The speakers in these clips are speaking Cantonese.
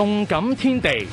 動感天地，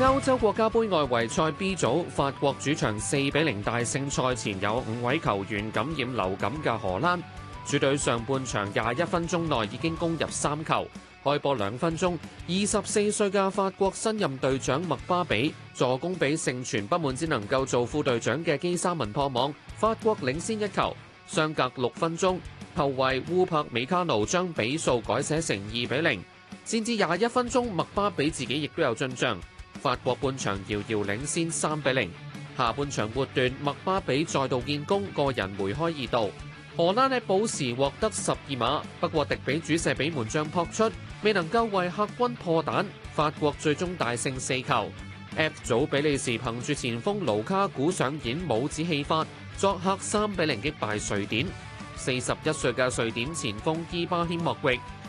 歐洲國家杯外圍賽 B 組，法國主場四比零大勝。賽前有五位球員感染流感嘅荷蘭主隊，上半場廿一分鐘內已經攻入三球。開波兩分鐘，二十四歲嘅法國新任隊長麥巴比助攻，俾盛傳不滿只能夠做副隊長嘅基沙文破網，法國領先一球。相隔六分鐘，後衛烏柏美卡奴將比數改寫成二比零。先至廿一分鐘，麥巴比自己亦都有進賬，法國半場遙遙領先三比零。0, 下半場末段，麥巴比再度建功，個人梅開二度。荷蘭喺補時獲得十二碼，不過迪比主射畀門將撲出，未能夠為客軍破蛋。法國最終大勝四球。F 組比利時憑住前鋒盧卡古上演帽子戲法，作客三比零擊敗瑞典。四十一歲嘅瑞典前鋒伊巴謙莫域。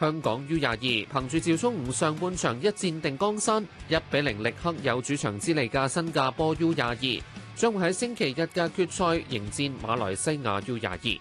香港 U 廿二憑住趙聰上半場一戰定江山，一比零力克有主場之利嘅新加坡 U 廿二，將會喺星期日嘅決賽迎戰馬來西亞 U 廿二。